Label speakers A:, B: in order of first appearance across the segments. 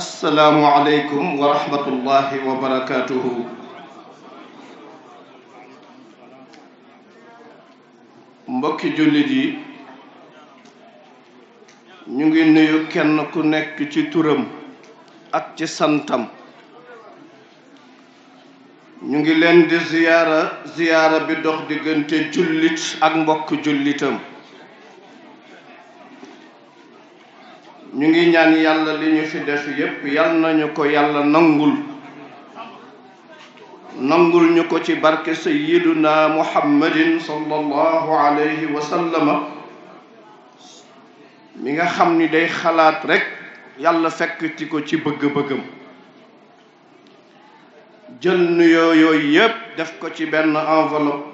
A: assalaamu aleykum wa rahmatullahi wa mbokki jullit yi ñu ngi nuyu kenn ku nekk ci turam ak ci santam ñu ngi leen di ziyaara ziyaara bi dox diggante jullit ak mbokk jullitam ñu ngi ñaan yàlla li ñu fi def yépp yal nañu ko yàlla nangul nangul ñu ko ci barke sayyiduna muhammadin sallallahu alayhi wa sallama mi nga xam ni day xalaat rekk yàlla fekk ko ci bëgg-bëggam jël nuyoo yooyu yépp def ko ci benn enveloppe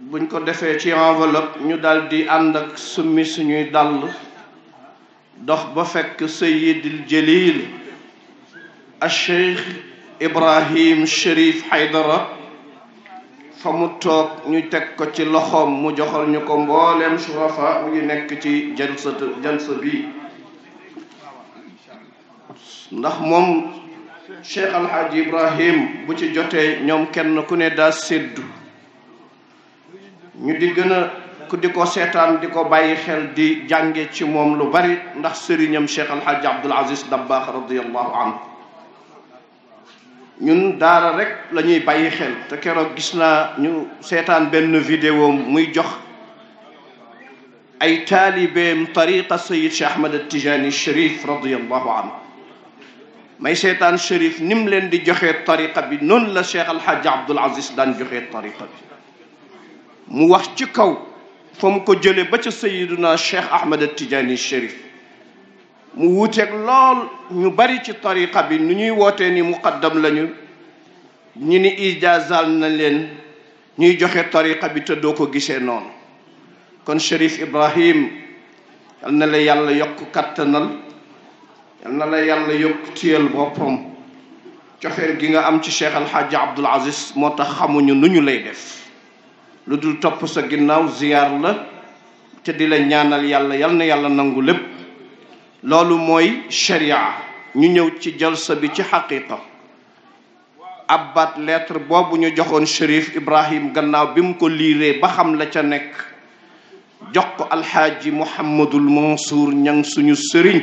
A: buñ ko defee ci enveloppe ñu daldi di ànd ak summi suñuy dàll dox ba fekk sayidil jalil al cheikh ibrahim chérif haydara fa mu toog ñu teg ko ci loxoom mu joxal ñu ko mbooleem surafa mu nekk ci jalsa jalsa bi ndax moom cheikh alhaaji ibrahim bu ci jotee ñoom kenn ku ne daa séddu ñu di gën a ku di ko seetaan di ko bàyyi xel di jànge ci moom lu bari ndax sëriñam Cheikh Al Hadj Abdoul Aziz Dabakh radiyallahu anhu daara rek la ñuy xel te keroog gis naa ñu seetaan benn vidéo muy jox ay taalibeem tariqa Sayyid Cheikh Ahmed Tijani Cherif radiyallahu anhu may seetaan Cherif ni mu leen di joxee tariqa bi noonu la Cheikh Al Hadj Abdoul Aziz daan joxee tariqa bi. mu wax ci kaw fa mu ko jële ba ca sayiduna cheikh ahmad tijaani chérif mu wuuteeg lool ñu bari ci tariqa bi nu ñuy wootee ni muqaddam lañu ñu ni ijaazal na leen ñuy joxe tariqa bi te doo ko gisee noonu kon chérif ibrahim yal na la yàlla yokk kattanal yal na la yàlla yokk téyal boppam cofeel gi nga am ci cheikh alxaaji abdul aziz moo tax xamuñu nu ñu lay def lu dul topp sa ginnaaw ziyaar la te di la ñaanal yàlla yal na yàlla nangu lépp loolu mooy sharia ñu ñëw ci jalsa bi ci xaqiqa abbat lettre boobu ñu joxoon Chérif Ibrahim gannaaw bi mu ko liiree ba xam la ca nekk jox ko alxaaji Mouhamadul Mansour ñang suñu sëriñ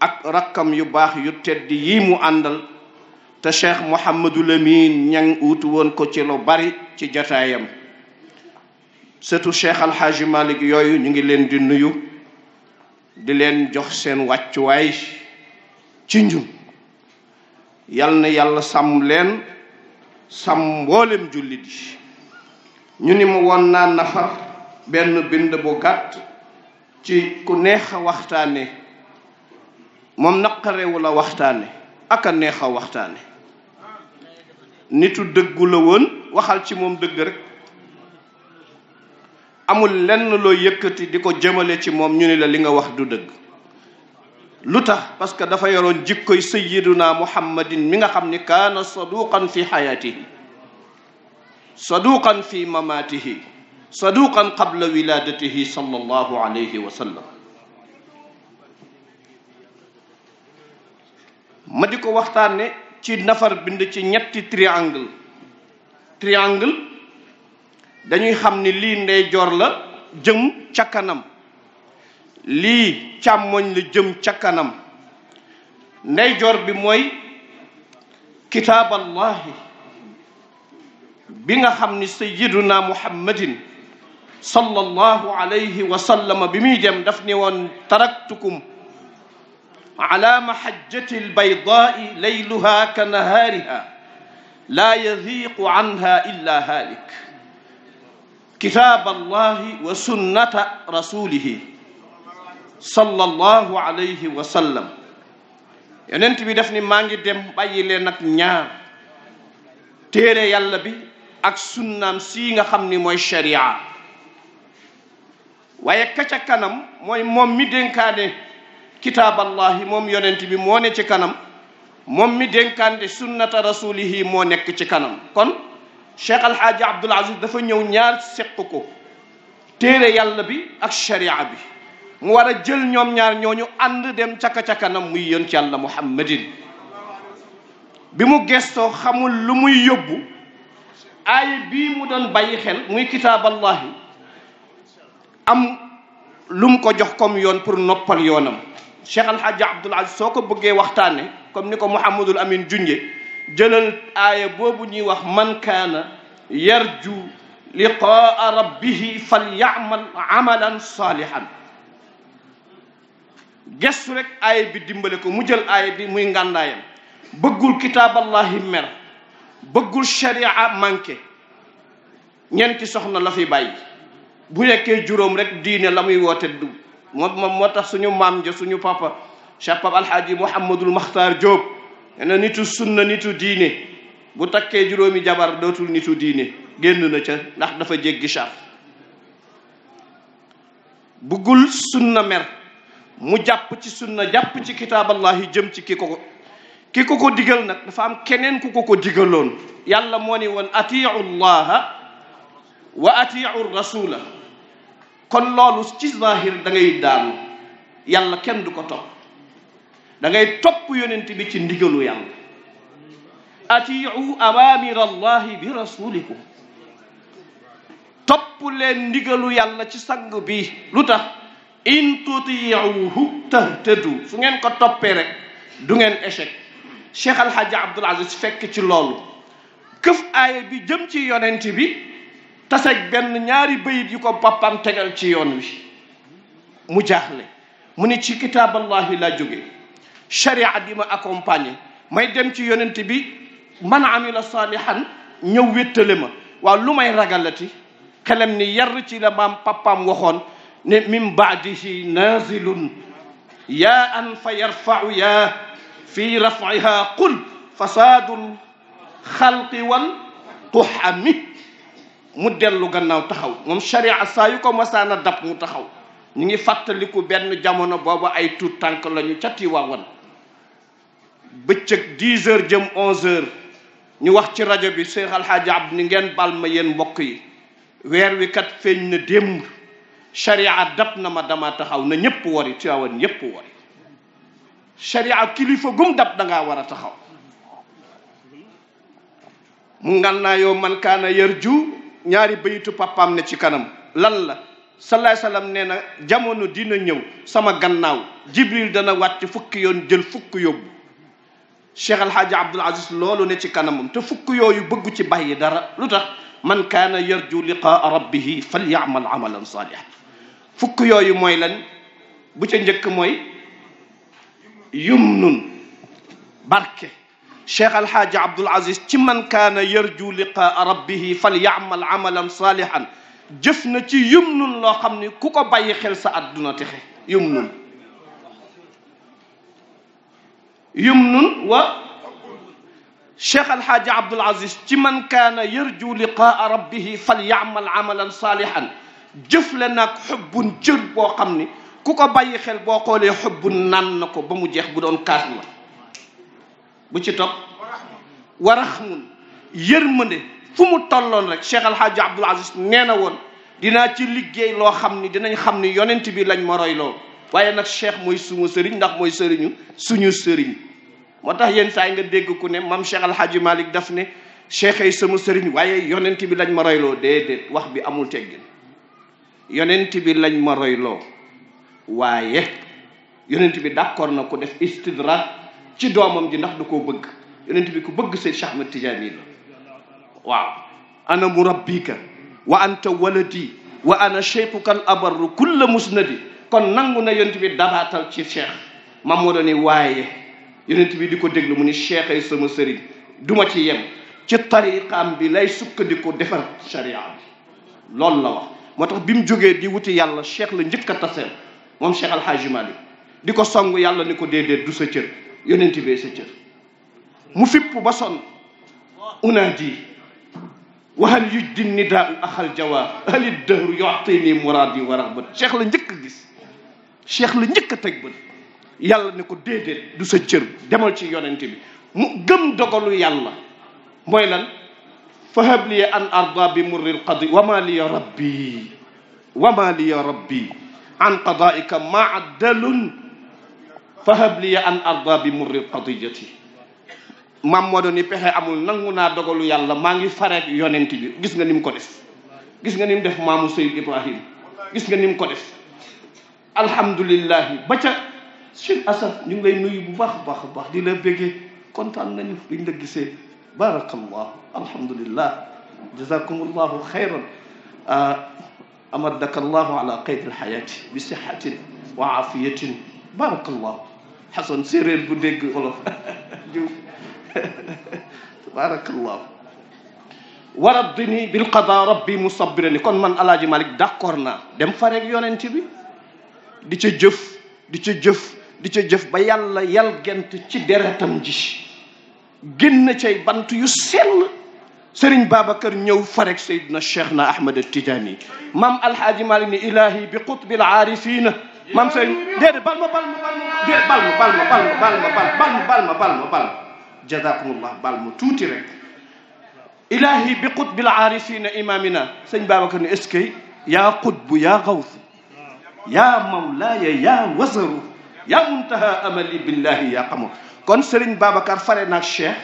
A: ak rakkam yu baax yu tedd yi mu àndal te cheikh Mouhamadul Amin ñang uutu woon ko ci lu bari ci jataayam surtout cheikh alxaaji Malick yooyu ñu ngi leen di nuyu di leen jox seen wàccuwaay ci ñun yal na yàlla sàmm leen sàmm mboolem jullit yi ñu ni mu woon naa nafar benn bind bu gàtt ci ku neex a waxtaane moom naqarewu la waxtaane ak a waxtaane nitu dëggulawoon waxal ci moom dëgg rek amul lenn loo yëkkati di ko jëmale ci moom ñu ni la li nga wax du dëgg lu tax parce que dafa yoroon jikkoy sayyiduna muhammadin mi nga xam ni kaana saduqan fi xayaatihi saduqan fi mamaatihi saduqan qabla wilaadatihi sallallahu alayhi wa ma di ko waxtaan ci nafar bind ci ñetti triangle triangle dañuy xam ni lii ndeyjoor la jëm ca kanam lii càmmoñ la jëm ca kanam ndeyjoor bi mooy kitaaballahi bi nga xam ni sayyiduna muhammadin sallallahu alayhi wa sallam bi muy dem daf ni woon taraktukum ala mahajjati albaydaai layluha ka nahaariha laa yaziqu anha illa haalik kitaab allahi wa sunnata rasulihi sallallahu alayhi wa sallam yonent bi def ni maa ngi dem bàyyi leen ak ñaar téere yàlla bi ak sunnaam sii nga xam ni mooy sharia waaye kaca kanam mooy moom mi dénkaane kitaaballahi moom yonent bi moo ne ci kanam moom mi dénkaande sunnata rasulihi moo nekk ci kanam kon cheikh alhaaji abdul dafa ñëw ñaar seq ko téere yàlla bi ak sharia bi mu war a jël ñoom ñaar ñooñu ànd dem caka ca kanam muy yonent yàlla muhammadin bi mu gestoo xamul lu muy yóbbu aay bi mu doon bàyyi xel muy kitaaballahi am lu ko jox comme yoon pour noppal yoonam Cheikh Al Hadj Abdoul Aziz soo ko bëggee waxtaane comme ni ko Mouhamadul Amin junje jëlal aaya boobu ñuy wax man kaana yarju liqaa rabbihi falyamal amalan salihan gestu rek aaya bi dimbale ko mu jël aaya bi muy ngàndaayam bëggul kitaaballahi mer bëggul sharia manqué ñeenti soxna la fi bàyyi bu juróom rek diine la muy woote moo moo tax suñu maam ja suñu papa Cheikh Pape Alhaaji Mouhamadul Makhtar Diop ne nitu sunna nitu diine bu takkee juróomi jabar dootul nitu diine génn na ca ndax dafa jéggi char buggul sunna mer mu jàpp ci sunna jàpp ci kitaaballahi jëm ci ki ko ki ko ko digal nag dafa keneen ku ko ko digaloon yàlla moo ni woon atiu llaha wa atiu rasula kon loolu ci zahir da daanu yàlla kenn du ko topp dangay ngay topp yonent bi ci ndigalu yàlla atiu awamir allahi bi rasulikum topp leen ndigalu yàlla ci sang bi lu tax in tutiuhu tahtadu su ngeen ko toppee rek du ngeen échec cheikh alhaji abdul fekk ci loolu këf aaya bi jëm ci yonent bi taseeg benn ñaari bayit yu ko boppam tegal ci yoon wi mu jaaxle mu ni ci kitaaballahi laa jóge sharia di ma accompagner may dem ci yonent bi man amila saalihan ñëw wéttale ma waaw lu may ragalati xelam ni yar ci la maam papaam min baadihi nazilun yaa an fa yarfau yaa fi rafaiha qul fasaadul xalqi wal tuhami mu dellu gannaaw taxaw moom sharia saa yu ko masaana dab mu taxaw ñu ngi fàttaliku benn jamono booba ay tuut tànk lañu ca Tiwaawan bëccëg dix jëm onze heures ñu wax ci rajo bi Cheikh Alhaaji Abdu ni ngeen bal ma yéen mbokk yi weer wi kat feeñ na démb sharia dab na ma dama taxaw na ñépp wari Tiwaawan ñépp wari sharia kilifa gum dab dangaa war a taxaw mu ngan man kaana yarju ñaari bayitu papaam ne ci kanam lan la salaay salaam nee na jamono dina ñëw sama gannaaw jibril dana wàcc fukki yoon jël fukk yóbbu cheikh alhaaji loolu ne ci kanamam te fukk yu bëggu ci bàyyi dara lu tax man kaana yarju liqaa rabbihi falyamal amala saalihan fukk yooyu mooy lan bu ca njëkk mooy yumnun barke cheikh alhaaji abdul aziz ci man kaana yarju liqaa rabbihi fal yaamal amalan saalihan jëf na ci yum nun loo xam ni ku ko bàyyi xel sa àdduna texe yum nun yum nun wa cheikh alhaaji abdul aziz ci man kaana yarju liqaa rabbihi fal yaamal amalan saalihan jëf le nag xubbun jër boo xam ni ku ko bàyyi xel boo xoolee xubbun naan na ko ba mu jeex bu doon kaas la bu ci topp waraxmun yërmande fu mu tolloon rek Cheikh Alhaaji Abdul Aziz nee woon dinaa ci liggéey loo xam ni dinañ xam ni yonent bi lañ ma roy waaye nag cheikh mooy suma sëriñ ndax mooy sëriñu suñu sëriñ moo tax yenn saa yi nga dégg ku ne mam Cheikh Alhaaji Malick daf ne cheikh ay sama sëriñ waaye yonent bi lañ ma royloo dee déedéet wax bi amul teggin yonent bi lañ ma royloo waaye yonent bi d'accord na ko def istidrak ci doomam ji ndax du ko bëgg yonent bi ku bëgg say Cheikh Ahmed Tidiane la waaw ana murabbika wa anta waladi wa ana cheikhuka al abarru kulla musnadi kon nangu na yonent bi dabaatal ci cheikh mam moo dooni waaye yonent bi di ko déglu mu ni cheikh ay sama sëriñ duma ci yem ci tariqaam bi lay sukkandiku defar sharia bi loolu la wax moo tax bi mu jógee di wuti yàlla cheikh la njëkk a taseel moom cheikh alhaaji malik di ko song yàlla ni ko déedéet du sa cër yonent bee sa cër mu fipp ba sonn unaadi wa hal yujdi nidaau axal jawaab hal dëhru yuatini muraadi wa rahbat cheikh la njëkk gis cheikh la njëkk a teg bët yàlla ne ko déedéet du sa cër demal ci yonent bi mu gëm dogalu yàlla mooy lan fahab liya an arda bi murril qadi wama liya rabbi wama liya rabbi an qadaika maadalun fahab liya an arda bi murri qadijati maam moo doon pexe amul nangu naa dogalu yàlla maa ngi fareek yonent bi gis nga ni mu ko def gis nga ni def maamu Seydou Ibrahim gis nga ni mu ko def alhamdulillahi ba ca Cheikh Assane ñu ngi bu baax a di la béggee kontaan nañu liñ la gisee barakallahu alhamdulillah jazakumullahu xayran ah, amadakallahu ala qayd alxayaati bi sixatin wa tabarakallahu xasan séeréer bu dégg wolof ju tabarakallahu bil qada rabbi musabbirani kon man alaaji malik d'accord naa dem fareeg yonent bi di ca jëf di ca jëf di ca jëf ba yàlla yalgent ci deretam ji génn cay bant yu sell sëriñ babacar ñëw farek saydna cheikh na ahmad tijaani maam alhaaji malik ni ilahi bi qutbil aarifina maam sëriñ déedéet bal ma bal ma bal ma déedéet bal ma bal ma bal ma bal ma bal ma bal ma bal ma bal ma jazakumullah bal ma tuuti rek ilahi bi qutbil aarifina imamina sëñ Babacar ne est-ce que yaa qutbu yaa gawsu yaa mawlaaya yaa wasaru yaa muntaha amali billahi yaa xamoo kon sëriñ Babacar fare naag cheikh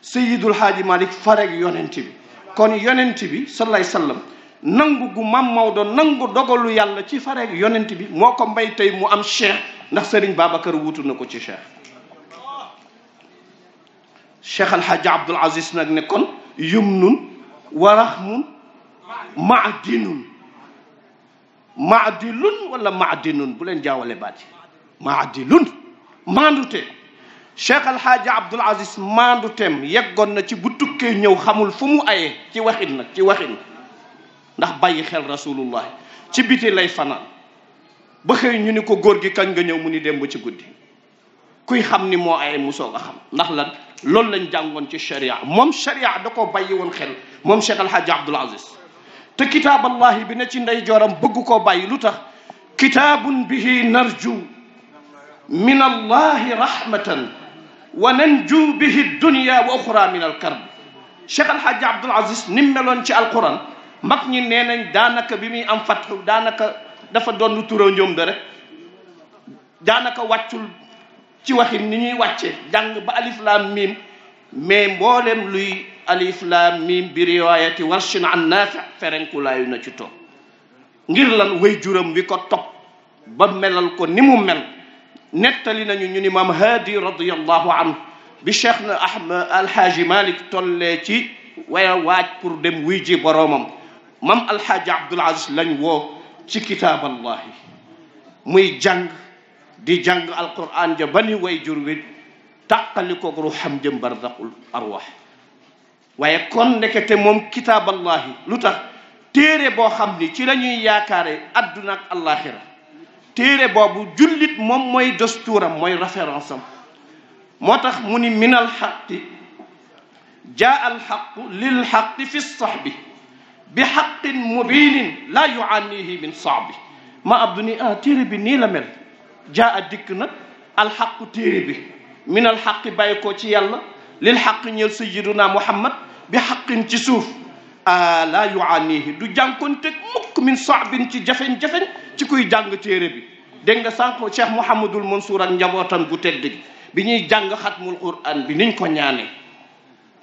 A: sayidul haaji malik farek yonent bi kon yonent bi sallallahu alayhi wa sallam nangu gu mam Maodo nangu dogalu yàlla ci fareeg yonent bi moo ko mbay tey mu am cheikh ndax Serigne Babacar wutu na ko ci cheikh cheikh alhaji Abdoul Aziz nag ne kon yumnun wa rahmun maadinun maadilun wala maadinun bu leen jaawale baat yi maadilun maandute cheikh alhaaji abdul aziz maanduteem yeggoon na ci bu tukkee ñëw xamul fu mu ayee ci waxin nag ci waxin ndax bàyyi xel rasulullah ci biti lay fana ba xëy ñu ni ko góor gi kañ nga ñëw mu ni dem démb ci guddi kuy xam ni moo ay musoo nga xam ndax lan loolu lañ jàngoon ci sharia moom sharia da koo bàyyi woon xel moom Cheikh El Hadj Abdoul Aziz te kitaaballahi bi ne ci ndey jooram bëgg koo bàyyi lu tax kitaabun bihi narju min allahi rahmatan wa nanju bihi dunya wa oxra min alkarb Cheikh El Hadj Abdoul Aziz ni meloon ci alquran mag ñi nee nañ daanaka bi muy am fatxu daanaka dafa doon tura ñoom dara rek daanaka wàccul ci waxin ni ñuy wàccee jàng ba alif laam miim mais mboolem luy alif laam miim bi riwaayati warshin an naafi na ci toog ngir lan way juram wi ko topp ba melal ko ni mu mel nettali nañu ñu ni maam haadi radiallahu bi cheikh na ahmad alhaaji malik tollee ci waya waaj pour dem wuy ji boroomam mam alxaaji abdul lañu woo ci kitaaballahi muy jàng di jàng alquran ja ba ni way jur wi tàqali koog ruuxam jëm barzaqul arwaax waaye kon ndekete moom kitaaballahi lu tax téere boo xam ni ci lañuy ñuy yaakaare adduna ak allaxira téere boobu jullit moom mooy dostuuram mooy référence moo tax mu ni min alxaqi jaa alxaqu lilxaqi fi saxbi bi xaqin mubinin laa yuaanihi min saabi ma abdu ni ah bi nii la mel jaa a dikk na alxaqu téere bi min alxaqi bàyyi ko ci yàlla lil xaq ñeel sayiduna muhammad bi xaqin ci suuf a laa yuaanihi du jànkonteg mukk min saabin ci jafeñ-jafeñ ci kuy jàng téere bi dégg nga sànq cheikh mouhamadul mansour ak njabootam gu tedd gi bi ñuy jàng xatmul quran bi niñ ko ñaanee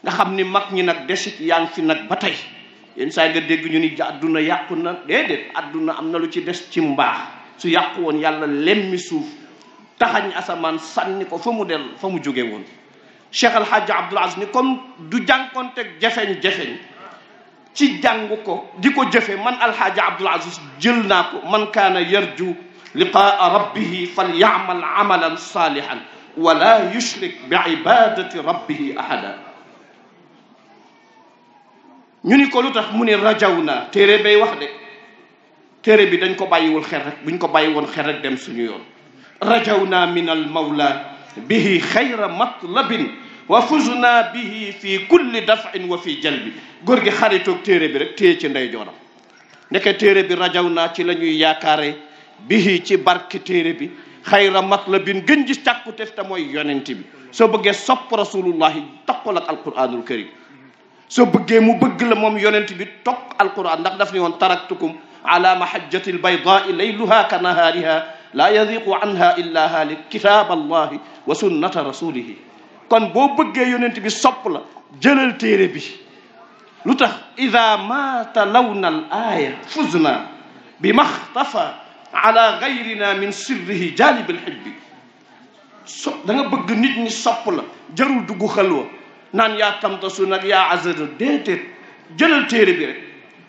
A: nga xam ni mag ñi nag desit yaa si nag ba tey yenn saa nga dégg ñu ni àdduna yàqu na déedéet àdduna am na lu ci des ci mbaax su yàqu woon yàlla lemmi suuf taxañ asamaan sànni ko fa mu dellu fa mu jóge woon Cheikh Al Hadj Abdoul du ni comme du jànkoonteeg jafeñ ci jàng ko di ko jëfe man Al Hadj Abdoul naa ko man kaana yarju liqaa rabbihi fal yaamal amalan saalihan wala yushrik bi ibadati rabbihi ahada ñu ni ko lu tax mu ne rajaw naa téere bay wax de téere bi dañ ko bàyyiwul xel rek ko bàyyi woon xel rek dem suñu yoon rajaw naa min al mawla bihi xayra matlabin wa fuzna bihi fi kulli dafin wa fi jalbi góor gi xaritoog téere bi rek téye ci ndey jooram ndeke téere bi rajaw naa ci la ñuy yaakaare bihi ci barke téere bi xayra matlabin gën ji càkkutef te mooy yonent bi soo bëggee sopp rasulullahi toppal ak alquranul karim soo bëggee mu bëgg la moom yonent bi topp alquran ndax daf ni woon taraktukum ala mahajjati albaydaai layluha ka nahaariha laa yadiqu anha illa haalik kitaab allahi wa sunnata rasulihi kon boo bëggee yonent bi sopp la jëlal téere bi lu tax ida ma talawna al aaya fuzna bi maxtafa ala gayrina min sirrihi jaalibil xijbi so da nga bëgg nit ñi sopp la jarul dugg xalwa naan yaa tamtasu nag yaa azadu déedéet jëlal téere bi rek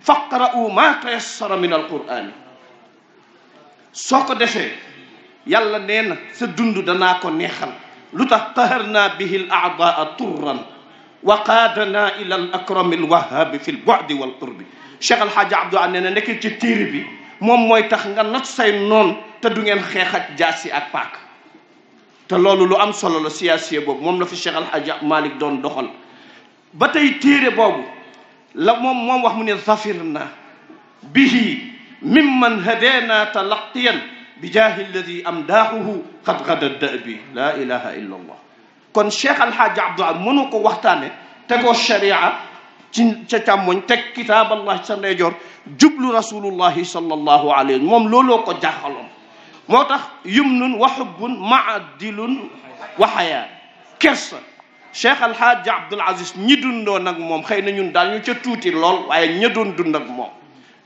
A: faqra'u ma tayassara min alqur'ani soo ko defee yàlla nee na sa dund danaa ko neexal lu tax qaharna bihi al a'daa turran wa qaadana ila al akrami fi l bodi wal qurbi cheikh alhaaji abdou an nee na ci téere bi moom mooy tax nga not say noon te du ngeen xeex ak jaasi ak paak te loolu lu am solo la siyaasiye boobu moom la fi Cheikh Alhaji Malick doon doxal ba tey téere boobu la moom moom wax mu ne zafir na bihi mimman hadena talaqiyan bi jaahi alladi am daaxuhu xad xada da'bi laa illa allah kon Cheikh Alhaji Abdoulaye mënu ko waxtaane tegoo sharia ci ca càmmoñ teg kitaaballah sa ndeyjoor jublu rasulullahi sallallahu alayhi moom looloo ko jaaxaloon moo tax yumnun wa xubbun maadilun wa xayaa kersa cheikh alhaaji abdul aziz ñi dundoo nag moom xëy na ñun daal ñu ca tuuti lool waaye ña doon dund ak moom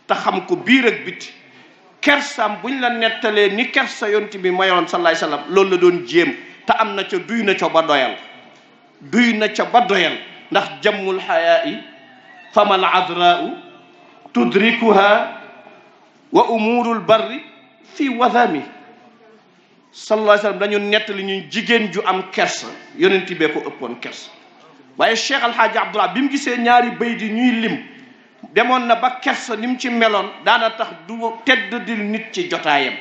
A: te xam ko biir ak biti kersam buñ la nettalee ni kersa yonti bi mayoon salaay salaam loolu la doon jéem te am na ca duy na ca ba doyal duy na ca ba doyal ndax jammul xayaai fama al adraau tudrikuha wa umurul barri fii wasami sallallahu alayhi wa nettali ñu jigéen ju am kersa yonent ëppoon kersa waaye Cheikh bi mu gisee ñaari bayt yi ñuy lim demoon na ba kersa ni ci meloon daana tax du tedd ci jotaayam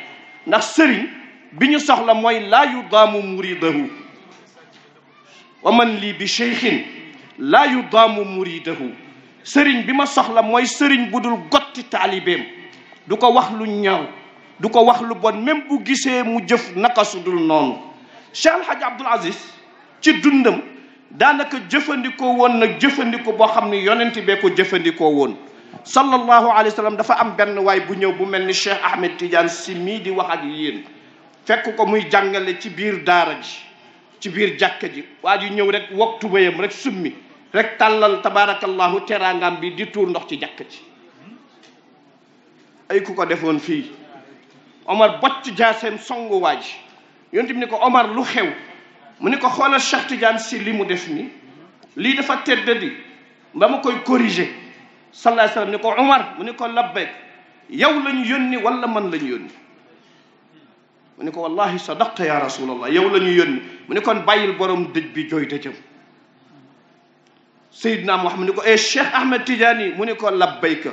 A: ndax sëriñ bi soxla mooy laa yudaamu muridahu wa man lii bi sëriñ bi ma soxla mooy sëriñ bu dul gotti du ko wax lu ñaw du ko wax lu bon même bu gisee mu jëf naka dul noonu Cheikh El Hadj Aziz ci dundam daanaka jëfandikoo woon nag jëfandikoo boo xam ni yonent bee ko jëfandikoo woon sallallahu alayhi wa dafa am benn waay bu ñëw bu mel ni Cheikh Ahmed Tidiane si mii di wax ak yéen fekk ko muy jàngale ci biir daara ji ci biir jàkka ji waa ji ñëw rek woktu bayam rek summi rek tàllal tabaarakallahu teraangam bi di tuur ndox ci jàkka ji ay ku ko defoon fii Omar bocc jaaseem songo waa ji yonent ni ko Omar lu xew mu ni ko xoolal Cheikh Tidiane si li mu def nii lii dafa tedd di ba ma koy corriger sallallahu alayhi wasallam ni ko Omar mu ni ko labbeek yow lañu yónni wala man lañu yónni mu ni ko wallahi sadaqta ya rasulallah yow la ñu yónni mu ni kon bàyyil borom dëj bi jooy dëjëm Seydina Muhammad ni ko e Cheikh Ahmed Tidiane mu ni ko labbayka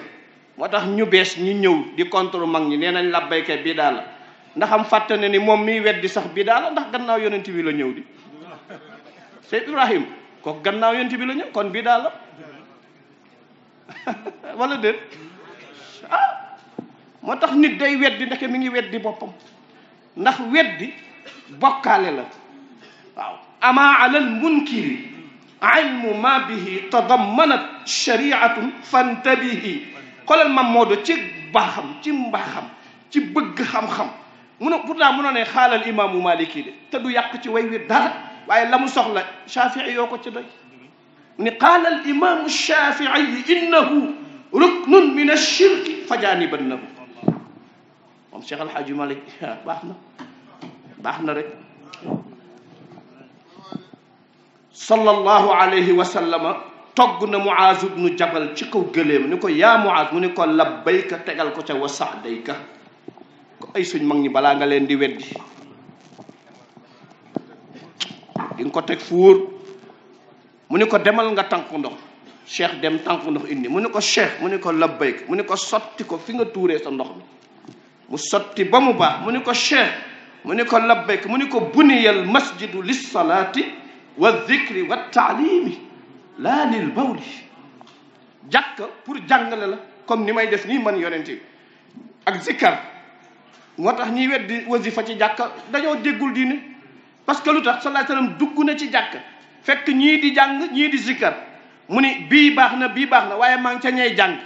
A: moo tax ñu bees ñu ñëw di contre mag ñi nee nañ labbayka bidaa la ndax am fàtte ne ni moom miy weddi sax bii la ndax gannaaw yonent bi la ñëw di Seyd Ibrahim kooku gannaaw yonent bi la ñëw kon bidaa la wala déet ah moo tax nit day weddi ndeke mi ngi weddi boppam ndax weddi bokkaale la waaw ama alal munkiri ilmu ma bihi tadammanat shariatun fantabihi xoolal mam Maodo ci baaxam ci mbaaxam ci bëgg xam-xam mun a pourtant munoo ne xaalal imaamu Maliki de te du yàq ci way wi dara waaye la mu soxla Shafii yoo ko ci doy ni qaalal imaamu Shafii innahu ruknun min ashirki fajaanibannahu moom Cheikh El Hadj Malick ah, baax na baax na rek. sallallahu alayhi wa sallama togg na mu Muaz ibnu Jabal ci kaw gëléem ni ko yaa Muaz mu ni ko labbayka tegal ko ca wa saadayka ko ay suñ mag ñi balaa nga leen di weddi di ko teg fu mu ne ko demal nga tànku ndox cheikh dem tànku ndox indi mu ne ko cheikh mu ni ko labbayka mu ne ko sotti ko fi nga tuuree sa ndox mi mu sotti ba mu baax mu ne ko cheikh mu ni ko labbayka mu ne ko buniyal masjidu lissalaati wa dhikri wa taalimi laa baw bawli jàkka pour jàngale la comme ni may def nii man yonent ak zikkar moo tax ñiy weddi wasifa ci jàkka dañoo déggul diine parce que lu tax sallallahu alayhi wasallam dugg na ci jàkka fekk ñii di jàng ñii di zikkar mu ni bii baax na bii baax na waaye maa ngi ca ñay jàng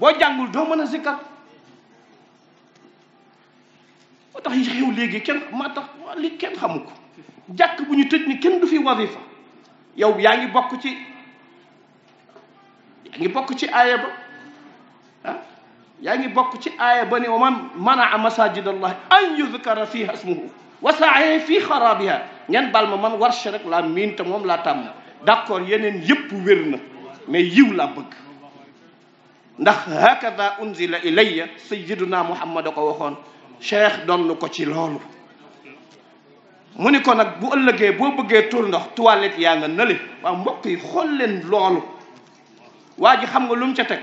A: boo jàngul doo mën a zikkar moo tax yi xew léegi kenn maa tax li kenn xamu ko jàkk bu ñu tëj ni kenn du fi wasifa yow yaa ngi bokk ci yaa ngi bokk ci aaya ba ah yaa ngi bokk ci aaya ba ne wa man manaa masajid allah an wa saaya fii bal ma man warsh rek laa miin te moom laa tàmm d'accord yeneen yépp wér na mais yiw laa bëgg ndax hakada unzila ilayya sayyiduna muhammad a ko waxoon cheikh donn ko ci loolu mu ni ko nag bu ëllëgee boo bëggee tur ndox toilette yaa nga nële waaw mbokk yi xool leen loolu waa ji xam nga lu mu ca teg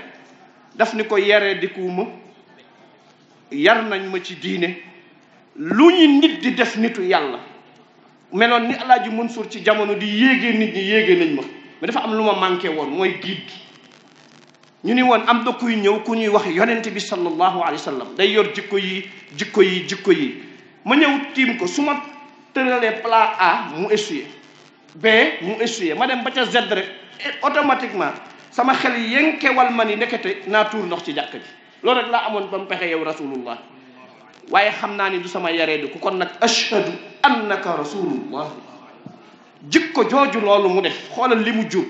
A: daf ni ko yaree dikuuma yar nañ ma ci diine lu ñu nit di def nitu yàlla meloon ni alaaji Mansour ci jamono di yéegee nit ñi yéegee nañ ma mais dafa am lu ma manqué woon mooy giid ñu ni woon am da kuy ñëw ku ñuy wax yonent bi sallallahu alayhi wa sallam day yor jikko yi jikko yi jikko yi ma ñëw tiim ko su ma tëralee plat A mu essuyé B mu essuyé ma dem ba ca Z rek automatiquement sama xel yenkewal ma ni nekkete naa tuur ndox ci jàkk ji loolu rek laa amoon ba mu pexe yow rasulullah waaye xam naa ni du sama yareedu ku kon nag ashhadu annaka rasulullah jikko jooju loolu mu def xoolal li mu jur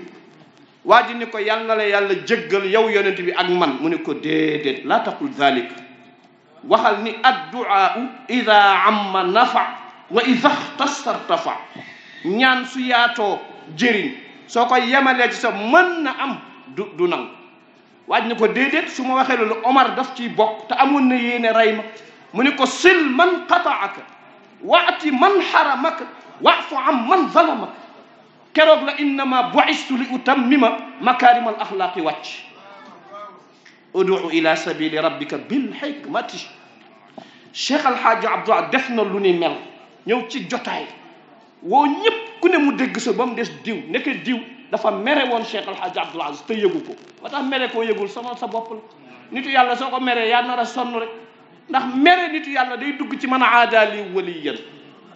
A: waa ji ne ko yàlla na la yàlla jéggal yow yonent bi ak man mu ne ko déedéet laa taqul dalik waxal ni adduaau ida amma nafa wa ida xtasa rtafa ñaan su yaatoo jëriñ soo ko yemalee ci sa mën na am du du nangu waaj na ko déedéet su ma waxee loolu Omar daf ciy bokk te amoon na yéene rey ma mu ne ko sil man qataaka waati man xaramaka waafu am man zalamaka keroog la innama buistu li utammima makaarima al axlaaqi wàcc uduu ila sabili rabbika bil xikmati cheikh alhaaji abdoulaye def na lu ni mel ñëw ci jotaay woo ñëpp ku ne mu dégg sa ba mu des diw nekk diw dafa mere woon Cheikh El Hadj Abdoul te yëgu ko ba tax mere koo yëgul sonal sa bopp la nitu yàlla soo ko meree yaa nar sonn rek ndax nitu yàlla day dugg ci man a aadaali waliyan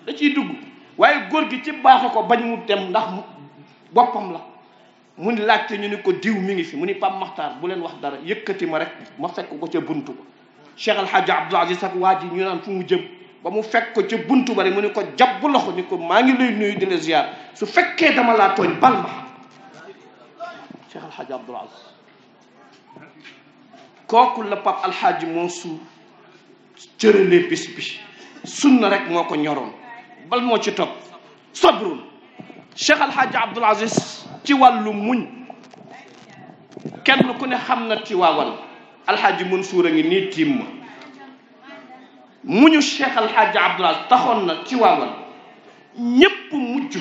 A: da ciy dugg waaye góor gi ci baaxe ko bañ mu dem ndax mu boppam la mu ni laajte ñu ni ko diw mi ngi fi mu ni Pape Makhtar bu leen wax dara yëkkati ma rek ma fekk ko ca buntu ba Cheikh El Hadj Abdoul waa ji ñu naan fu mu jëm ba mu fekk ko ca buntu ba rek mu ni ko jàpp loxo ni ko maa ngi lay nuyu di la su fekkee dama laa tooñ bal ma Cheikh Al Hadj kooku la Pape Al Hadj Mansour cëralee bis bi sunna rek moo ko ñoroon bal moo ci topp sabrun Cheikh Al Hadj ci wàllu muñ kenn ku ne xam na ci waawan Al Hadj Mansour a ngi nii tiim ma muñu Cheikh Al Hadj taxoon na ci waawan ñépp mujj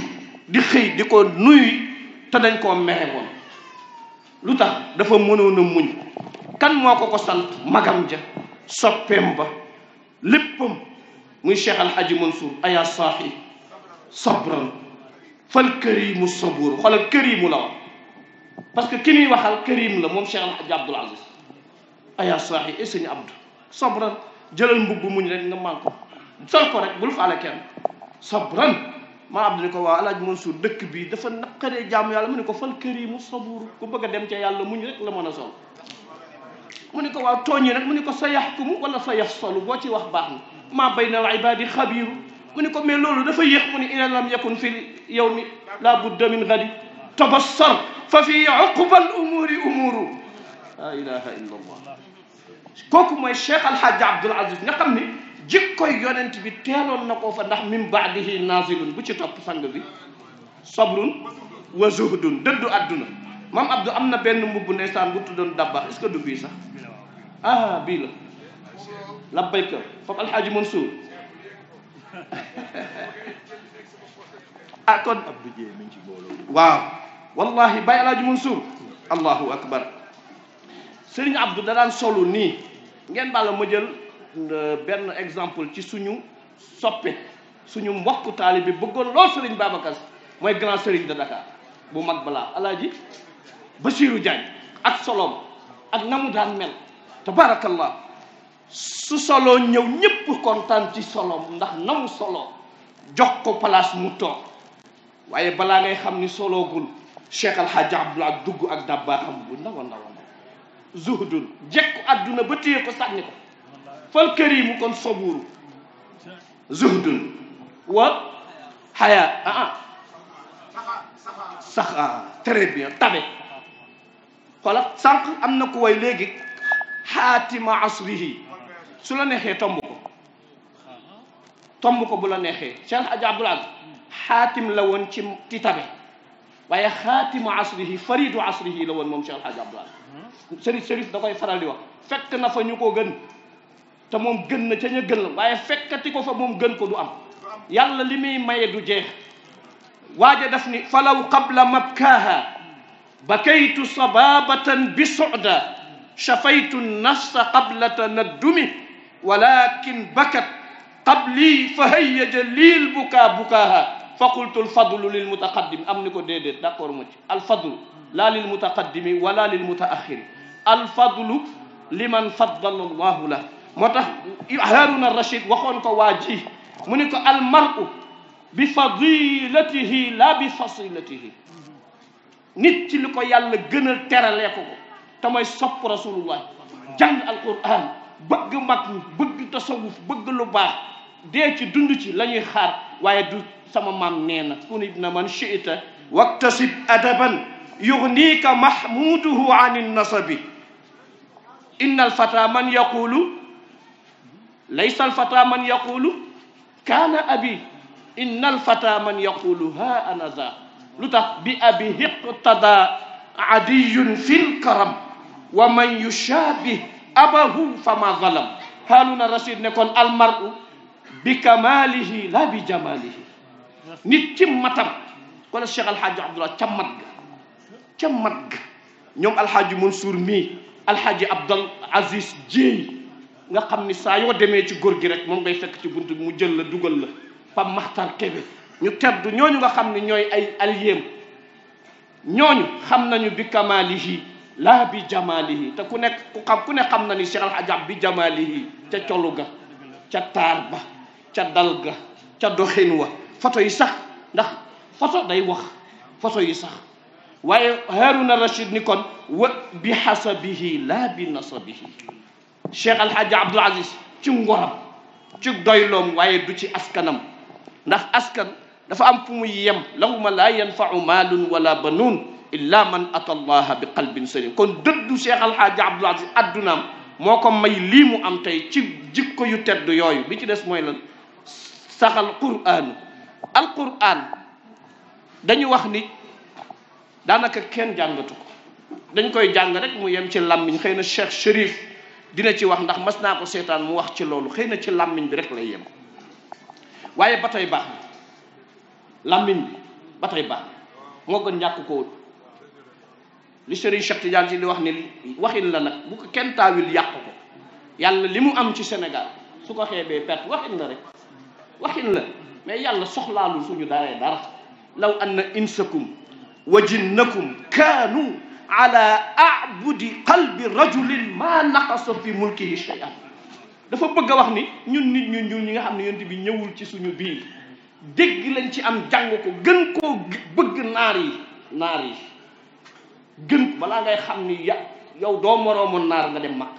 A: di xëy di ko nuyu te dañ koo mere woon lu tax dafa mënoon a muñ kan moo ko ko sant magam ja soppeem ba léppam muy cheikh alhaji mansour aya saahi sabran fal karimu sabuur xoolal karimu la wax parce que ki muy waxal karim la moom cheikh alhaji abdul aziz aya saahi e sëñ abdu sabran jëlal mbubb muñ rek nga man ko sol ko rek bul faale kenn sabran maa abdu ni ko waa alaaj Mansour dëkk bi dafa naqaree jaamu yàlla mu ne ko fal karimu sabuur ku bëgg a dem ca yàlla muñ rek la mën a sol mu ko waa tooñi nag mu ne ko sa yaxkumu wala sa yaxsolu boo ci wax baax na maa bayna al ibaadi xabiiru mu ne ko mais loolu dafa yéex mu ne ina lam yakun fi yawmi la budda min gadi tabassar fa fi uqba al umuri umuru la ilaha illa allah kooku mooy cheikh alhaaji abdul aziz jikkoy yonent bi teeloon na ko fa ndax min baadihi nazilun bu ci topp sang bi sabrun wa zuhdun dëddu àdduna maam Abdou am na benn mbubb ndeysaan bu tuddoon dabba est-ce que du bii sax ah bii la labbayka fab alxaaji Mansour ah kon Abdou Dieye ci booloo waaw wallahi bàyyi alxaaji Mansour allahu akbar Serigne Abdou da daan solu nii ngeen bala ma jël Euh, benn exemple ci suñu soppe suñu mbokku taalibe bi bëggoon lool Serigne Babacar mooy grand Serigne de Dakar bu mag balaa alaaji Bassirou Diagne ak solom ak na mu daan mel tabarakallah su soloo ñëw ñëpp kontaan ci solom ndax na mu soloo jox ko place mu toog waaye balaa ngay xam ni soloogul Cheikh Al Hadj dugg ak dabbaaxam bu ndaw a ndaw a jekku àdduna ba téye ko sànni ko fal karimu saburu zuhdun wa xayaa ah, ah. saxaa ah, très bien tabe xoola sànq am na ku way léegi xaatima asrihi su la neexee tomb ko bu la neexee Cheikh Hadj Abdoul Aziz xaatim la woon ci ci tabe waaye xaatima asrihi faridu asrihi la moom Cheikh Hadj Abdoul Aziz sërif sërif da faral di fekk na fa ñu ko gën te moom gën na ca ña gën la waaye fekkati ko fa moom gën ko du am yàlla li muy maye du jeex waaja daf ni falaw qabla mabkaaha bakaytu sababatan bi soda shafaytu nafsa qabla tanaddumi walakin bakat qabli fa hayyaja liil bukaa bukaaha fa qultu alfadlu lil mutaqaddimi am ni ko déedéet d'accord ma ci alfadlu laa lil mutaqaddimi wala lil mutaaxiri alfadlu liman faddala allahu lahu moo tax haruna rachid waxoon ko waa ji mu ni ko almaru bi fadilatihi la bi fasilatihi nit ci li ko yàlla gënal teralee ko ko te mooy sopp rasulullah jàng alquran bëgg mag ñi bëgg tasawuf bëgg lu baax dee ci dund ci la ñuy xaar waaye du sama maam nee na kun ibna man chita waktasib adaban yugniika mahmuduhu an innasabi inna alfata man yaqulu laysa alfata man yaqulu kaana abi inna alfata man yaqulu ha ana za lu tax bi abi hiqtada adiyun fil karam wa man yushabih abahu fama zalam Haaruna Rasiid ne kon almaru bi kamalihi la bi jamalihi nit ci matam kon la Cheikh alhaaji Abdullah ca mat ga ca mat ga ñoom alhaaji Mansour mii alhaaji Abdal Aziz Jéey nga xam ni saa yoo demee ci góor gi rek moom ngay fekk ci bunt bi mu jël la dugal la Pape Makhtar Kébé ñu tedd ñooñu nga xam ne ñooy ay aliyéem ñooñu xam nañu bi kamaalihi laa bi jamaalihi te ku nekk ku ne xam na ni Cheikh Al Hadj bi jamaalihi ca colu ga ca taar ba ca dal ga ca doxin wa photo yi sax ndax foto day wax foto yi sax waaye Haruna Rachid ni kon wa bi hasabihi laa bi nasabihi Cheikh Al Hadj Abdoul Aziz ci ngoram ci doyloom waaye du ci askanam ndax askan dafa am fu yem lawma la yanfau maalun wala banuun illa man ata allaha bi qalbin salim kon dëddu Cheikh Al Hadj Abdoul Aziz moo ko may lii mu am tey ci jikko yu tedd yooyu bi ci des mooy lan saxal quraanu alquran dañu wax ni daanaka kenn jàngatu ko dañ koy jàng rek mu yem ci làmmiñ xëy na Cheikh Chérif dina ci wax ndax mas naa ko seetaan mu wax ci loolu xëy na ci làmmiñ bi rek lay yem waaye ba tey baax na làmmiñ bi ba tey baax na moo gën ñàkk ko li Serigne Cheikh Tidiane si di wax ni waxin la nag bu ko kenn taawil yàq yàlla li mu am ci Sénégal su ko xeebee perte waxin la rek waxin la mais yàlla soxlaalul suñu daree dara law anna insakum wa kaanu ala abudi qalbi rajulin ma naqasa fi mulkihi shay'an dafa bëgg a wax ni ñun nit ñu ñuul ñi nga xam ne yonent bi ñëwul ci suñu biir dégg lañ ci am jàng ko gën koo bëgg naar yi naar yi gën balaa ngay xam ni ya yow doo moroomu naar nga dem mag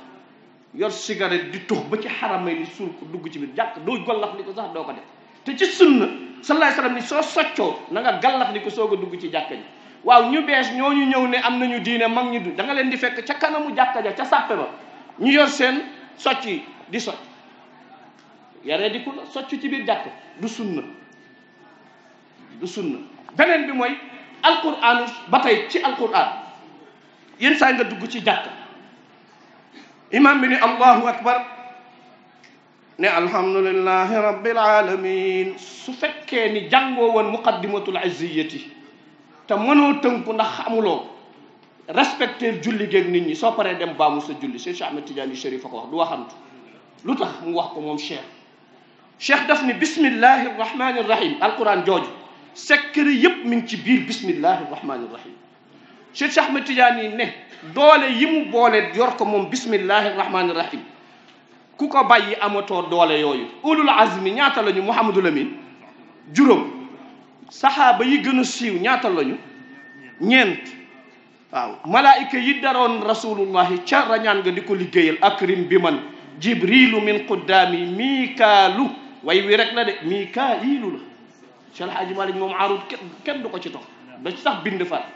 A: yor cigarette di tux ba ci xaramay ni suul ko dugg ci biir jàkk doo gallax ni ko sax doo ko def te ci sunna sallallahu alayhi wasallam ni soo soccoo na nga gallax ni ko soog a dugg ci jàkka ji waaw ñu bees ñooñu ñëw ni am nañu diine mag ñi du danga leen di fekk ca kanamu jàkka ja ca sàppe ba ñu yor seen socc di socc yaree di ku la socc ci biir jàkk du sunna du sunna beneen bi mooy alquraan ba tey ci alquraan yenn saa nga dugg ci jàkk imam bi ni allahu akbar ne alhamdulillahi rabbil alamin su fekkee ni jàngoo woon muqaddimatul izziyati te mënoo tënku ndax amuloo respecter julli géeg nit ñi soo paree dem baamu sa julli Cheikh Ahmed Tidiane Chérif a ko wax du waxantu lu tax mu wax ko moom cheikh cheikh daf ni bismillahi rahmani rahim alquran jooju sekkri yépp mi ngi ci biir bismillahi rahmani rahim Cheikh Ahmed Tidiane yi ne doole yi mu boole yor ko moom bismillahi rahmani rahim ku ko bàyyi amatoo doole yooyu ulul azmi ñaata lañu Mouhamadou Lamine juróom saxaaba yi gën a siiw ñaata lañu ñeent waaw malaayika yi daroon rasulullahi ca rañaan nga di ko ak akrim bi man jibrilu min quddaami miikaalu way wi rek la de miikaayilu la kenn du ko ci tox da sax bind fa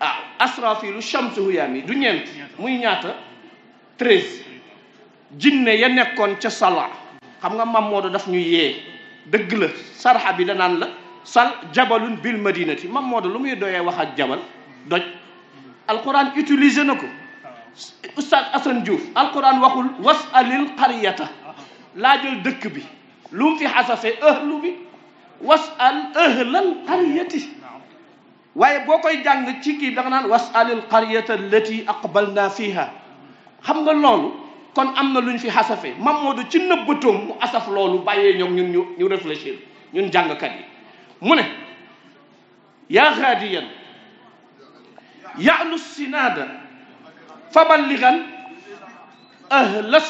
A: ah asrafilu shamsu huyaami du ñeent muy ñaata treize jinne ya nekkoon ca sala xam nga mam moodo daf ñu yee dëgg la sarxa bi danaan la sal jabalun bil madinati mam moo da lu muy doyee wax ak jabal doj alquran utilisé na ko oustaz Assane Diouf alquran waxul wasalil qaryata laajal dëkk bi lu mu fi xasase ahlu bi wasal ahlal qaryati waaye boo koy jàng ci kii da nga naan wasalil qaryata allati aqbalna fiha xam nga loolu kon am na lu ñu fi xasafe mam moo da ci nëbbatoom mu asaf loolu bàyyee ñoom ñun ñu ñu réfléchir ñun yi mu ne yaa xaadiyan yalu sinaada fa balligan ahlas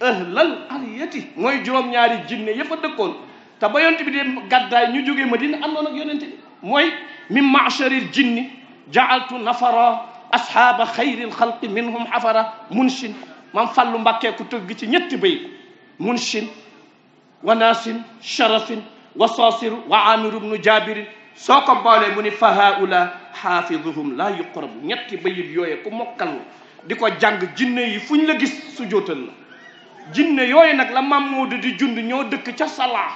A: ahlal aliyati mooy juróom-ñaari jinne yëpp a dëkkoon te ba yonent bi de gàddaay ñu jógee Madina àndoon ak yonent bi mooy min maasharil jinni jaaltu nafara ashaaba xayril xalqi minhum xafara munshin man fàllu mbàkkee ku tëgg ci ñetti bay munshin wanaasin sharafin wa soosir wa amiru bnu jaabirin soo ko boolee mu ni fa haula xaafiduhum laa yuqrabu ñetti bayit yooye ku mokkal di ko jàng jinne yi fu ñu la gis su jootal la jinne yooyu nag la mam Moodu di jund ñoo dëkk ca salaa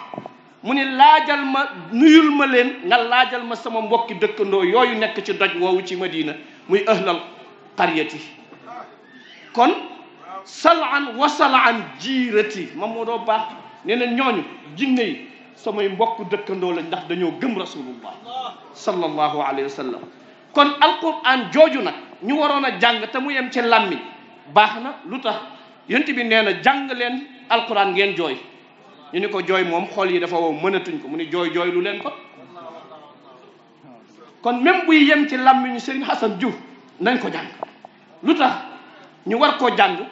A: mu ni laajal ma nuyul ma leen nga laajal ma sama mbokki dëkkandoo yooyu nekk ci doj woowu ci Madina muy ahlal qaryati kon salaan wa salaan jiirati mam moo doo baax nee ñooñu jinne yi samay mbokk dëkkandoo lañ ndax dañoo gëm rasulullah sallallahu alayhi wa sallam kon alquran jooju nag ñu waroon a jàng te mu yem ci làmmiñ baax na lu tax yent bi nee na jàng leen alquran ngeen jooy ñu ni ko jooy moom xool yi dafa wow mënatuñ ko mu ni jooy jooy lu leen ko kon même buy yem ci làmmiñu Serigne Hassan Diouf nañ ko jàng lu tax ñu war koo jàng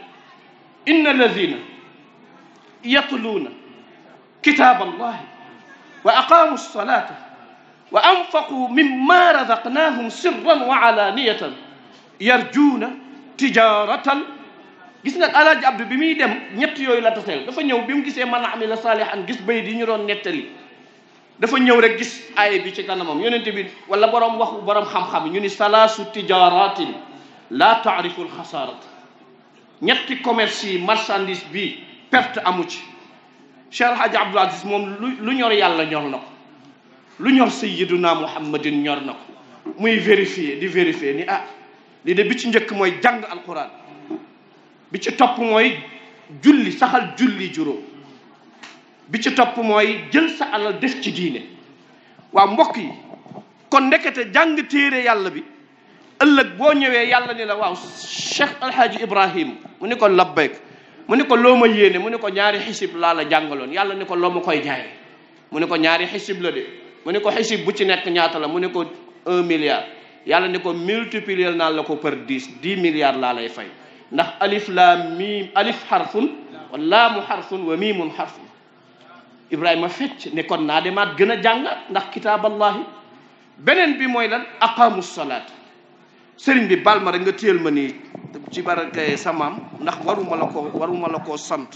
A: inna lazina yatluuna kitaab allahi wa aqaamu salaata wa anfaqu mimma razaqnaahum sirran wa alaaniyatan yarjuuna tijaratan gis nga alaaji abdu bi muy dem ñett yooyu la taseel dafa ñëw bi mu gisee man amila saalihan gis bay di ñu doon nettali dafa ñëw rek gis aaya bi ci kanamam yonente bi wala boroom waxu borom xam-xam ñu ni salaasu tijaratin la taarifu alxasaarat ñetti commerce yi marchandise bi pert amu ci Cheikh Hadj Abdoul Aziz moom lu lu ñor yàlla ñor na ko lu ñor sayyiduna muhammadin ñor na ko muy vérifier di vérifier ni ah lii de bi ci njëkk mooy jàng alquran bi ci topp mooy julli saxal julli juróom bi ci topp mooy jël sa alal def ci diine waaw mbokk yi kon ndekete jàng téere yàlla bi ëllëg boo ñëwee yàlla ni la waaw Cheikh Alhaji Ibrahim mu ni ko labbayk mu ne ko loo ma yéene mu ne ko ñaari xisib laa la jàngaloon yàlla ne ko loo koy jaay mu ne ko ñaari xisib la de mu ne ko xisib bu ci nekk ñaata la mu ne ko un milliard yàlla ne ko multiplier naan la ko par dix dix milliards laa lay fay ndax alif laam miim alif xarfun wa laamu xarfun wa miimun xarfun ibrahima fecc ne kon naa demaat gën a jàng ndax kitaaballahi beneen bi mooy lan aqamu salaat sëriñ bi baal ma rek nga téyel ma nii ci barke samaam ndax waruma la ko waruma la koo sant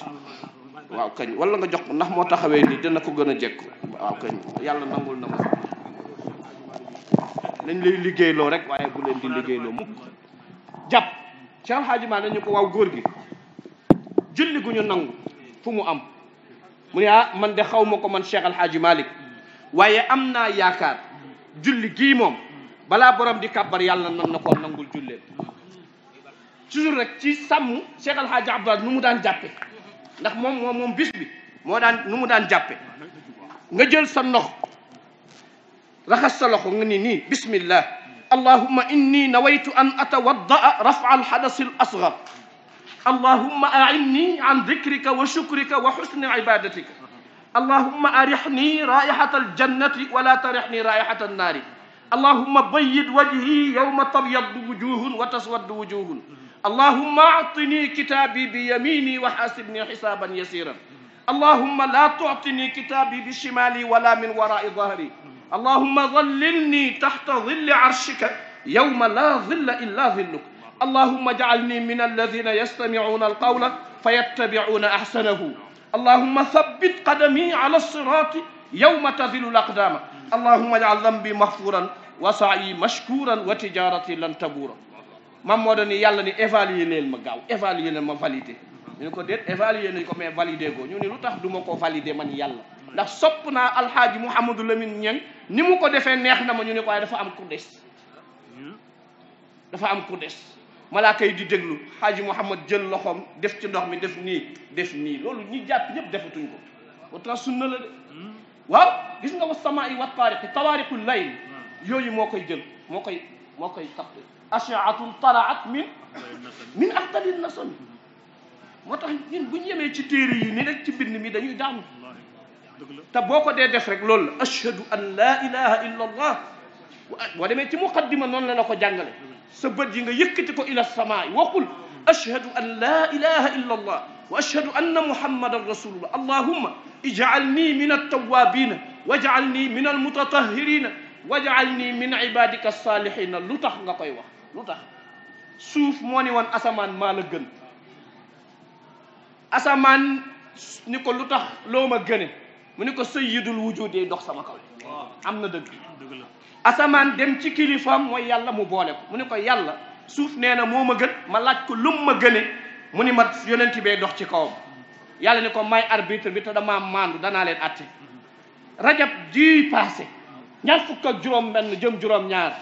A: waaw kañ wala nga jox ndax moo taxawee nii dina ko gën a jekk waaw kañ yàlla nangul na ma nañ lay rek waaye bu liggéeyloo mukk jàpp ci alxaaji maa ko waaw góor gi julli gu ñu nangu fu mu am mu ne ah man de xaw ma ko man Cheikh Alxaaji Malick waaye am naa yaakaar julli gii moom balaa borom di kàbbar yàlla nan na koo nangul julleem toujours rek ci sàmm Cheikh El Hadj nu mu daan jàppe ndax moom moom mu daan jàppe nga jël sa ndox raxas sa loxo nga ni nii bismillah allahumma inni nawaytu an atawaddaa rafa alxadasi al asgar allahumma ainni an dikrika wa wala tarixni raixata annaari allahumma bayyid wajhi yawma tabyaddu wujuhun wa taswaddu wujuhun allahumma atini kitaabi bi yamini wa xaasibni xisaaban yasiran allahumma la tu'tini kitaabi bi shimali wala min warai dahri allahumma dhallilni taxta dhilli arshika yawma la dhilla illa dhilluk اللهم اجعلني من الذين يستمعون القول فيتبعون احسنه اللهم ثبت قدمي على الصراط يوم تزل الاقدام اللهم اجعل ذنبي مغفورا wasaa yi mashkuran wa tijarati lan tabuura mam moo doon ni yàlla ni évaluer leen ma gaaw évaluer leen ma validé ñu ne ko déet évaluer nañ ko mais validé ko ñu ne lu tax du ma ko validé man yàlla ndax sopp naa alhaaji Mouhamadou Lamine Niang ni mu ko defee neex na ma ñu ne ko waaye dafa am ku des dafa am ku des malaaka yi di déglu xaaji Mouhamad jël def ci ndox mi def nii def nii loolu ñi jàpp ñëpp defatuñ ko pourtant sunna la de hmm. waaw gis nga wa samaa yi wa taariqi tawaariqul yooyu moo koy jël moo koy moo koy capté ashaatun talaat min min aqdalin nasami moo tax ñun bu ñu yemee ci téere yi ni rek ci bind mi dañuy daanu te boo ko dee def rek loolu la ashhadu an laa ilaha illa allah boo demee ci muqaddima noonu la la ko jàngale sa bët yi nga yëkkati ko ila samaay waqul ashhadu an laa ilaha illa allah wa ashhadu anna muhammadan rasulullah allahumma ij'alni min at-tawwabina waj'alni min al-mutatahhirina wajal nii min ibadika saalihina lu tax nga koy wax lu tax suuf moo ni woon asamaan maa la gën asamaan ni ko lu tax loo ma gëne mu ni ko sayyidul wujudi dox sama kaw am na dëgg asamaan dem ci kilifaam mooy yàlla mu boole ko mu ni ko yàlla suuf nee na moo ma gën ma laaj ko lum ma gëne mu ni ma yonent bee dox ci kawam yàlla ni ko may arbitre bi te damaa maandu danaa leen atte mm-hmm. rajab ji passé ñaar fukk ak juróom benn jëm juróom ñaar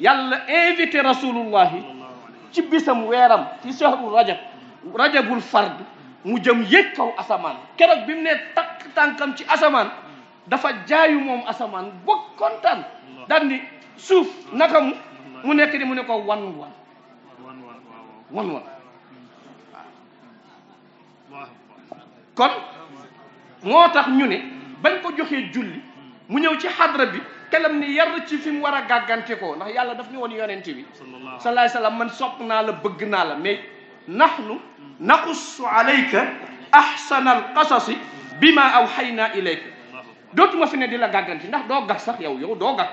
A: yàlla invité rasulullahi ci bisam weeram ci sehru rajab rajabul fard mu jëm yéeg kaw asamaan keroog bi mu ne takk tànkam ci asamaan dafa jaayu moom asamaan ba kontaan daan suuf naka mu nekk ni mu ne ko wan kon moo tax ñu ne bañ ko joxe julli mu ñëw ci xadra bi xelam ni yar ci fi mu war a gàggante ko ndax yàlla daf ñu woon yonent bi salaay salaam man sopp naa la bëgg naa la mais nahnu naqussu alayka ahsana alqasasi bima awhayna ilayka dootuma fi ne di la gàgganti ndax doo gàg sax yow yow doo gàg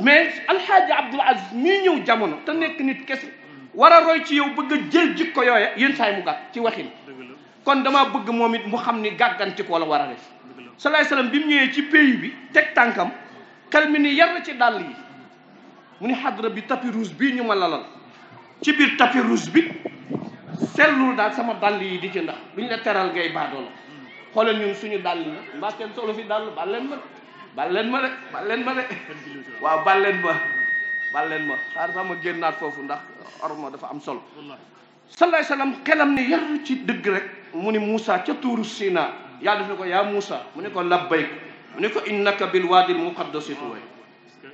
A: mais alxaaji abdul aziz mii ñëw jamono ta nekk nit kese war a roy ci yow bëgg a jël jikko yooya yéen saay mu gàg ci waxin kon dama bëgg moom it mu xam ni gàgganti la war a def salaay salaam bi mu ñëwee ci pays bi teg tànkam kalmi ni yar ci dàll yi mu ni xadra bi tapis rouge bii ñu ma lalal ci biir tapis rouge bi sellul daal sama dàll yi di ci ndax duñ la teral ngay baadoo la xoolal ñun suñu dàll yi mbaa kenn solo fi dàll bal leen ma leen ma de bal leen ma de waaw bal leen ma bal leen ma xaar sama génnaat foofu ndax ma dafa am solo salaay salaam xelam ni yaru ci dëgg rek mu ni Moussa ca tuuru Sina yàlla def ko yaa Moussa mu ne ko labbayk mu ne ko innaka bil waadil muqaddasi tuwe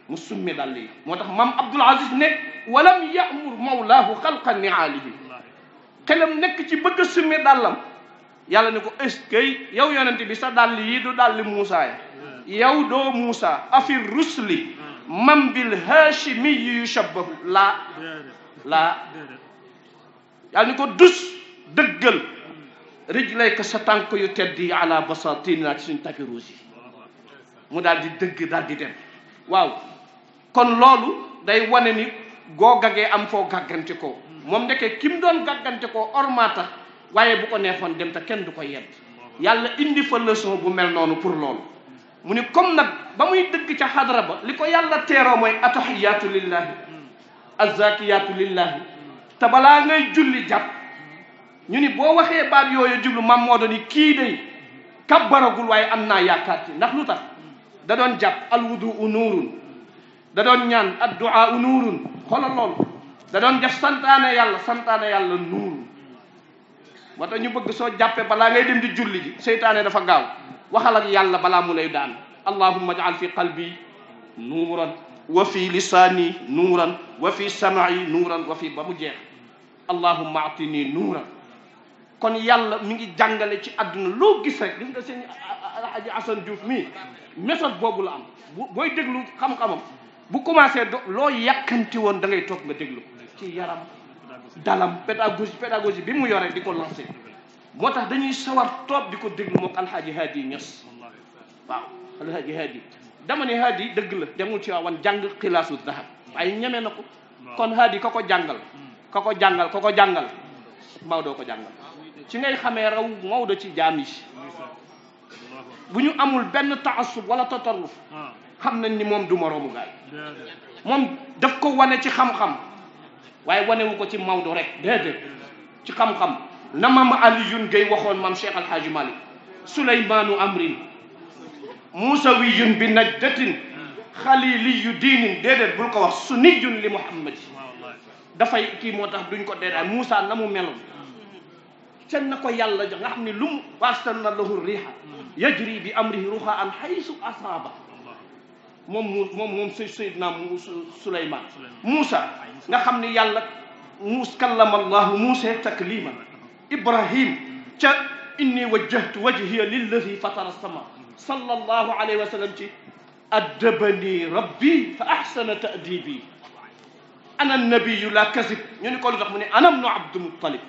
A: mu summi dàll yi moo tax maam Abdul Aziz ne walam yamur mawlaahu xalqa niaalihi xelam nekk ci bëgg a summi dàllam yàlla ne ko est kay yow yonente bi sa dàll yi do dàlli Muusa yow doo Muusa afi rusli man bil haashimi yushabbahu laa laa yàlla ne ko dus dëggal rij sa tànk yu tedd ala basatina ci suñ yi mu daal di dëgg daal di dem waaw kon loolu day wane ni goo gaggee am foo gàggante ko moom ndeke ki mu doon gàggante koo ormaata waaye bu ko neexoon dem te kenn du ko yedd yàlla indi fa bu mel noonu pour loolu mu ni comme nag ba muy dëgg ca xadra ba li ko yàlla teeroo mooy ataxiyaatu lillahi azakiyaatu te balaa ngay julli jàpp ñu ni boo waxee baat yooyu jublu mam moo doon ni kii day kabbaragul waaye am naa yaakaar ci ndax lu tax da doon jàpp alwudu u nuurun da doon ñaan addu'a u nur xoolal loolu da doon def santane yàlla santane yàlla nuurun moo tax ñu bëgg soo jàppee balaa ngay dem di julli ji seytaane dafa gaaw waxal ak yàlla balaa mu lay daan allahumma jaal fi qalbi nuuran wa fi lisaani nuuran wa fi samai nuuran wa fi ba mu jeex allahumma atini nuuran kon yàlla mi ngi jàngale ci àdduna loo gis rek gis nga sëñ Alhaji Assane Diouf mii méthode boobu la am bu booy déglu xam-xamam bu commencé do loo yàkkanti woon da ngay toog nga déglu ci yaram dalam pédagogie pédagogie bi mu yore di ko lancé moo tax dañuy sawar toog di ko déglu mook Alhaji Hadi Niass waaw Alhaji Hadi dama ne Hadi dëgg la demul ci waawan jàng xilaasu dahab waaye ñeme na ko kon Hadi ka ko jàngal ka ko jàngal ka ko jàngal Maodo ko jàngal ci ngay xamee raw Maodo ci jaam yi bu ñu amul benn taasub walla tatarruf xam nañ ni moom du moroomu gaay moom daf ko wane ci xam-xam waaye wanewu ko ci Maodo rek déedéet ci xam-xam na maam Aliyun Gay waxoon maam Cheikh Alhaaji Malik suleymaanu amrin muusawiyun bi najdatin xaliliyu diinin déedéet bul ko wax sunniyun li muhammadi dafay kii moo tax duñ ko déedéet Moussa na mu meloon ca na ko yàlla jox nga xam ne lum wastanna lahu riha yajri bi amrihi ruha an haysu asaba moom mu moom moom say sayyidna Suleymaan Muusa nga xam ne yàlla muus kallama allahu Muusa taklima Ibrahim ca inni wajjahtu wajhiya lillazi fatara sama sallallahu alayhi wa sallam ci addabani rabbi fa ahsana ta'dibi ana nabiyu la kazib ñu ni ko lu tax mu ne ana ibnu Abdul Muttalib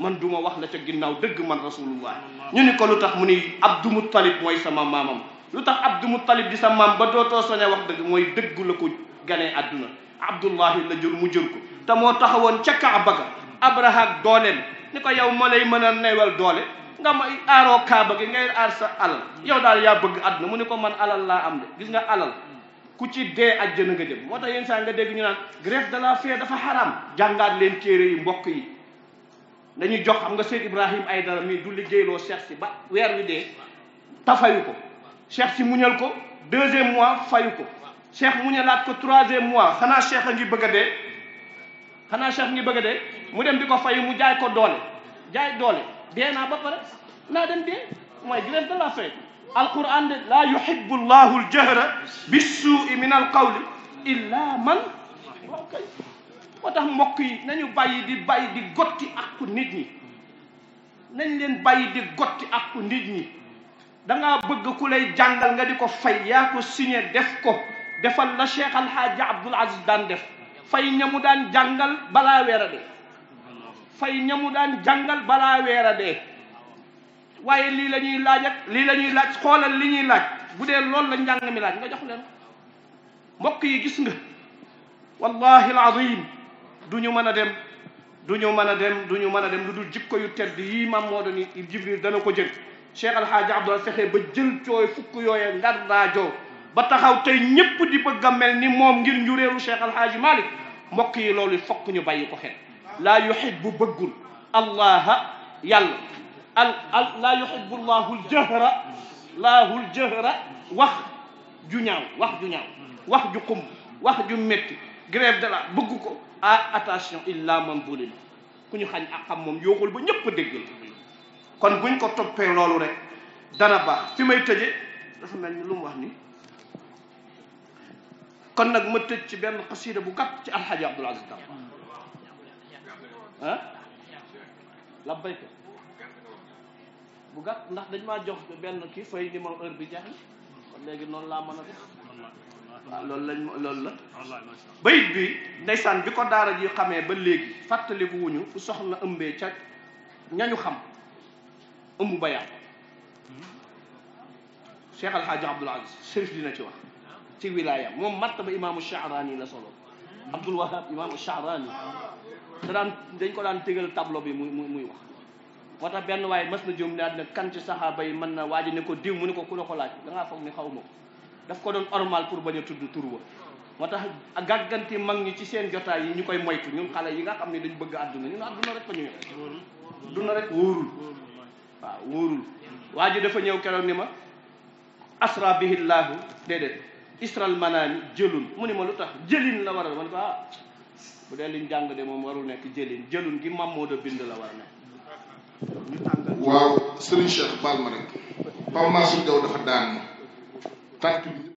A: man du ma wax la ca ginnaaw dëgg man rasulullah ñu ni ko lu tax mu ni Abdou Moutalib mooy sama maamam lu tax Abdou Moutalib di sa maam ba dootoo sañ a wax dëgg mooy dëgg la ko ganee àdduna Abdullahi la jur mu jur ko te moo taxawoon ca Kaaba ga Abraha ak dooleem ni ko yow ma lay mën a newal doole nga ma aaroo Kaaba gi ngay aar sa alal yow daal yaa bëgg àdduna mu ni ko man alal laa am de gis nga alal ku ci dee àjjana nga jëm moo tax yenn saa nga dégg ñu naan grève de la dafa xaram jàngaat leen téere yi mbokk yi dañuy jox xam nga Cheikh Ibrahim Aïdara mii du liggéeyloo Cheikh si ba weer wi dee ta fayu ko Cheikh si muñal ko deuxième mois fayu ko Cheikh muñalaat ko troisième mois xanaa Cheikh a ngi bëgg a dee xanaa Cheikh ngi bëgg a mu dem di ko fayu mu jaay ko doole jaay doole dee naa ba pare naa dem dee mooy grève de la faim alquran de laa yuhibbu llahu bi bissuui min alqawli illa man moo tax mbokk yi nañu bàyyi di bàyyi di gotti àqu nit ñi nañ leen bàyyi di gotti àqu nit ñi dangaa bëgg ku lay jàngal nga di ko fay yaa ko signé def ko defal la Cheikh Alhaaji Abdoul Aziz daan def fay ñamu daan jàngal balaa weer a fay ñamu daan jàngal balaa weer a waaye lii lañuy laaj ak la ñuy laaj xoolal li ñuy laaj bu dee loolu la njàng mi laaj nga jox leen mbokk yi gis nga wallahi alazim du ñu mën a dem du ñu mën a dem du ñu mën a dem lu dul jikko yu tedd yii maam moo doon jibril dana ko jël cheikh alhaaji abdullah fexe ba jël cooy fukk yooye ngar ba taxaw tey ñépp di bëgg a mel ni moom ngir njureelu cheikh alhaaji malik mbokk yi loolu fokk ñu bàyyi ko xel laa yuhibbu bëggul allaha yàlla al al laa yuhibbu llahu ljahra laahu ljahra wax ju ñaaw wax ju ñaaw wax ju xumb wax ju métti grève de la bëgg ko ah attention illa man zulima ku ñu xañ ak xam moom yooxul ba ñëpp dégg la kon buñ ko toppee loolu rek dana baax fi may tëje dafa mel ni lu mu wax ni kon nag ma tëj ci benn xasida bu gàtt ci alxaaji abdul aziz da ah labbayka bu gàtt ndax dañ maa jox benn kii fay ni ma heure bi jaxe kon léegi noonu laa mën a waaw loolu lañ loolu la bayit bi ndeysaan bi ko daara ji xamee ba léegi fàttaliku ñu fu soxna ëmbee ca ñañu xam ëmb bayaan Cheikh Alhaaji Abdoul Aziz Chérif dina ci wax ci wilaaya moom martaba imaamu Chaaraani la solo Abdoul Wahab imaamu Chaaraani da daan dañ ko daan tégal tablo bi muy muy wax moo tax benn waaye mas na jóm ne àddina kan ci saxaaba yi mën na waaji ne ko diw mu ne ko ku la ko da foog ni xaw ma daf ko doon ormal pour bañ a tudd tur moo tax gàgganti mag ñi ci seen jotaay yi ñu koy moytu ñun xale yi nga xam ne dañ bëgg àdduna ñun àdduna rek ko ñu àdduna rek wóorul waaw wóorul waa ji dafa ñëw keroog ni ma asra bihillaahu déedéet isral manaami jëlun mu ni ma lu tax jëlin la war a man ko ah bu dee liñ jàng de moom warul nekk jëlin jëlun gi Mamoodo bind la war a nekk waaw Serigne Cheikh baal ma rek Pape Mansour Diaw dafa daan ma tànk bi